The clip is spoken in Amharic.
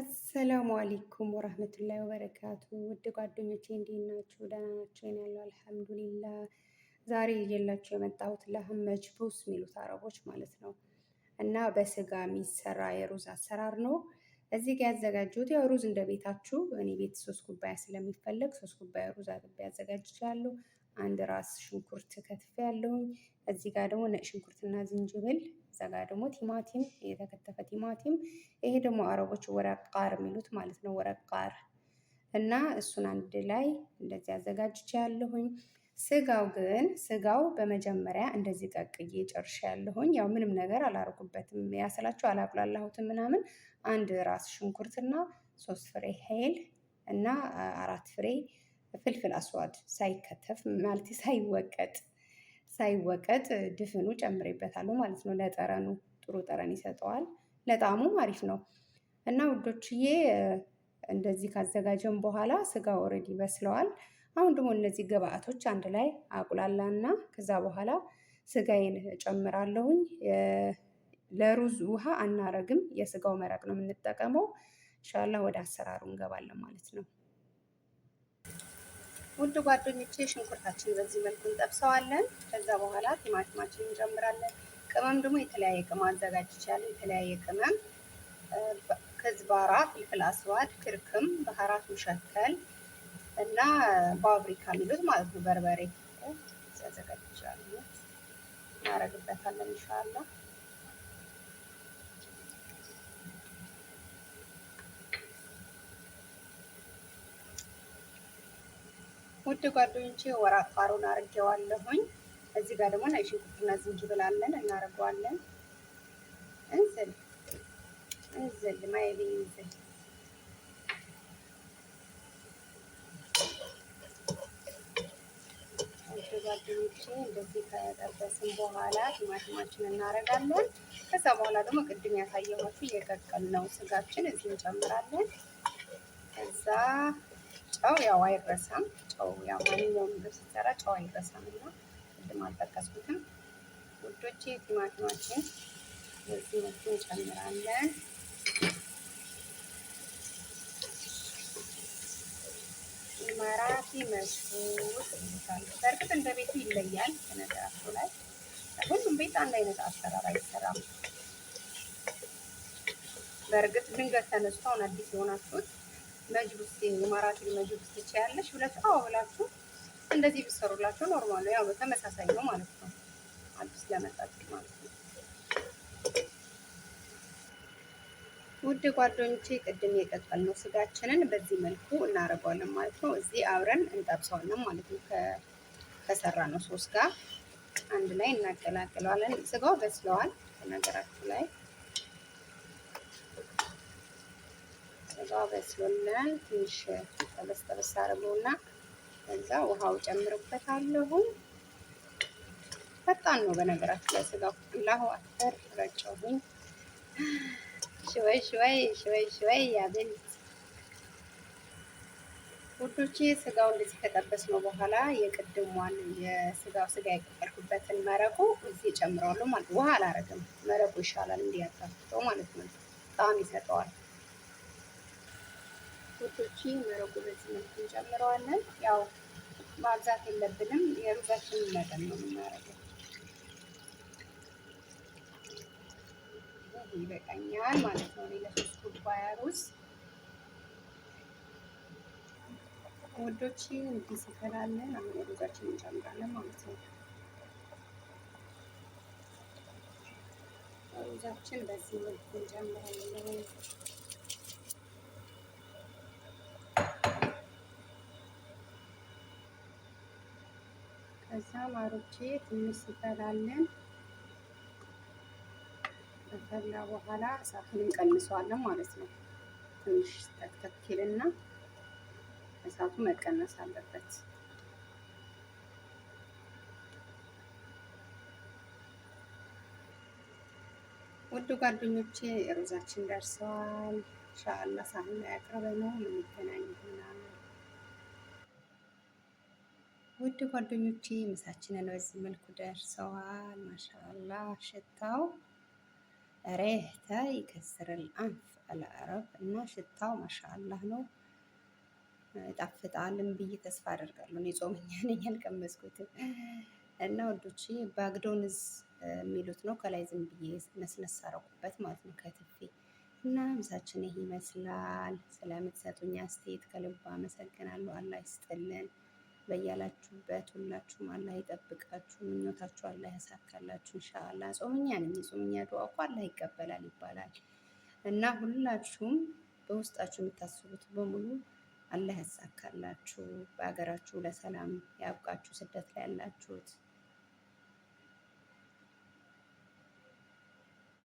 አሰላሙ አለይኩም ወራህመቱላሂ ወበረካቱ። ውድ ጓደኞቼ እንዴት ናችሁ? ደህና ናችሁ? እኔ ያለው አልሐምዱሊላህ። ዛሬ ይዤላችሁ የመጣሁት ላህም መጅቡስ የሚሉት አረቦች ማለት ነው እና በስጋ የሚሰራ የሩዝ አሰራር ነው። እዚህ ጋር ያዘጋጀሁት ያው ሩዝ እንደ ቤታችሁ፣ እኔ ቤት ሶስት ኩባያ ስለሚፈለግ ሶስት ኩባያ ሩዝ አጥቤ አዘጋጅቻለሁ። አንድ ራስ ሽንኩርት ከትፌ ያለሁኝ። እዚህ ጋር ደግሞ ነጭ ሽንኩርትና ዝንጅብል እዛ ጋር ደግሞ ቲማቲም የተከተፈ ቲማቲም፣ ይሄ ደግሞ አረቦች ቃር የሚሉት ማለት ነው። ቃር እና እሱን አንድ ላይ እንደዚህ አዘጋጅቼ ያለሁኝ። ስጋው ግን ስጋው በመጀመሪያ እንደዚህ ቀቅዬ ጨርሼ ያለሁኝ። ያው ምንም ነገር አላርጉበትም፣ ያስላችሁ አላቁላላሁትም ምናምን። አንድ ራስ ሽንኩርትና ሶስት ፍሬ ሄል እና አራት ፍሬ ፍልፍል አስዋድ ሳይከተፍ ማለት ሳይወቀጥ ሳይወቀጥ ድፍኑ ጨምሬበታለሁ ማለት ነው። ለጠረኑ ጥሩ ጠረን ይሰጠዋል። ለጣዕሙም አሪፍ ነው እና ውዶችዬ እንደዚህ ካዘጋጀን በኋላ ስጋ ኦልሬዲ ይበስለዋል። አሁን ደግሞ እነዚህ ግብአቶች አንድ ላይ እና ከዛ በኋላ ስጋዬን እጨምራለሁኝ። ለሩዝ ውሃ አናረግም፣ የስጋው መረቅ ነው የምንጠቀመው። እንሻላ ወደ አሰራሩ እንገባለን ማለት ነው። ውድ ጓደኞቼ ሽንኩርታችን በዚህ መልኩ እንጠብሰዋለን። ከዛ በኋላ ቲማቲማችን እንጨምራለን። ቅመም ደግሞ የተለያየ ቅመም አዘጋጅ ይቻላል። የተለያየ ቅመም ከዝባራ፣ ፍልፍል አስዋድ፣ ክርክም፣ ባህራት ሙሸከል እና በአፍሪካ የሚሉት ማለት ነው በርበሬ ያዘጋጅ ይቻላል። እናደርግበታለን ኢንሻላህ ውድ ጓደኞቼ ወር አፋሩን አርጌዋለሁኝ። እዚህ ጋር ደግሞ ነጭ ሽንኩርትና ዝንጅብል አለን እናርገዋለን። እንዝል እንዝል ማይቢ እንዝል ጓደኞቼ እንደዚህ ከጠበስን በኋላ ቲማቲማችን እናደርጋለን። ከዛ በኋላ ደግሞ ቅድም ያሳየኋችሁ ነው ስጋችን እዚህ እንጨምራለን። ከዛ የምንጠጣው ያው አይረሳም። ጨው ያው ማንኛውም ምግብ ሲሰራ ጨው አይረሳም እና ቅድም አልጠቀስኩትም። ውዶቼ ቲማቲማችን በዚህ መልኩ እንጨምራለን። ማራኪ መስኩት በእርግጥ እንደ ቤቱ ይለያል። በነገራችሁ ላይ ሁሉም ቤት አንድ አይነት አሰራር አይሰራም። በእርግጥ ድንገት ተነስቶ አሁን አዲስ የሆናችሁት መጅቡስ የማራቱ መጅቡስ ትችያለሽ ብላችሁ አዎ ብላችሁ እንደዚህ ብትሰሩላችሁ ኖርማል ነው። ያው በተመሳሳይ ነው ማለት ነው። አዲስ ለመጣችሁ ማለት ነው። ውድ ጓደኞቼ ቅድም የቀቀልነው ስጋችንን በዚህ መልኩ እናደርገዋለን ማለት ነው። እዚህ አብረን እንጠብሰዋለን ማለት ነው። ከሰራ ነው ሶስት ጋር አንድ ላይ እናቀላቅለዋለን። ስጋው በስለዋል በነገራችሁ ላይ ስጋ በስሎልናል። ትንሽ ጠበስ ጠበስ አድርገውና ከዛ ውሃው ጨምርበታለሁ። ፈጣን ነው በነገራችን ላይ ስጋ ላሁ አክበር ረጨሁኝ። ሽወይ ሽወይ ሽወይ ሽወይ ያብል ውዶቼ ስጋው እንደዚህ ከጠበስነው በኋላ የቅድሟን የስጋው ስጋ የቀቀልኩበትን መረቁ እዚህ ጨምረዋለሁ ማለት ውሃ አላረግም። መረቁ ይሻላል እንዲያጣፍጠው ማለት ነው። ጣዕም ይሰጠዋል። ቶቶቺ መረቁ በዚህ መልክ እንጨምረዋለን። ያው ማብዛት የለብንም። የሩዛችንን መጠን ነው የምናደርገው። ይበቃኛል ማለት ነው። ለሶስት ኩባያ ሩዝ ውዶች እንዲህ ሲፈላለን አሁን ሩዛችን እንጨምራለን ማለት ነው። ሩዛችን በዚህ መልክ እንጨምራለን። ከዛ ማሮቼ ትንሽ ሲፈላልን ከፈላ በኋላ እሳቱን እንቀንሰዋለን ማለት ነው። ትንሽ ተክተክልና እሳቱ መቀነስ አለበት። ውድ ጓደኞቼ ሩዛችን ደርሰዋል። ኢንሻአላህ ሳህን ላይ አቅርበነው የሚገናኝ ይሆናል። ውድ ጓደኞቼ ምሳችንን በዚህ መልኩ ደርሰዋል። ማሻላ ሽታው ሬህተ ይከስርል አንፍ አልአረብ እና ሽታው ማሻላ ነው። ጣፍጣልም ብዬ ተስፋ አደርጋለሁ። እኔ ጾመኛ ነኝ አልቀመስኩትም። እና ወዶች ባግዶንዝ የሚሉት ነው። ከላይ ዝም ብዬ ነስነስ አደረኩበት ማለት ነው ከትፌ እና ምሳችን ይህ ይመስላል። ስለምትሰጡኝ አስተያየት ከልባ አመሰግናለሁ። አላህ ይስጥልን። በያላችሁበት ሁላችሁም አላህ ይጠብቃችሁ፣ ምኞታችሁ አላህ ያሳካላችሁ። እንሻላ ጾምኛ ነኝ። ጾምኛ ዱዓ እኮ አላህ ይቀበላል ይባላል እና ሁላችሁም በውስጣችሁ የምታስቡት በሙሉ አላህ ያሳካላችሁ። በሀገራችሁ ለሰላም ያብቃችሁ። ስደት ላይ ያላችሁት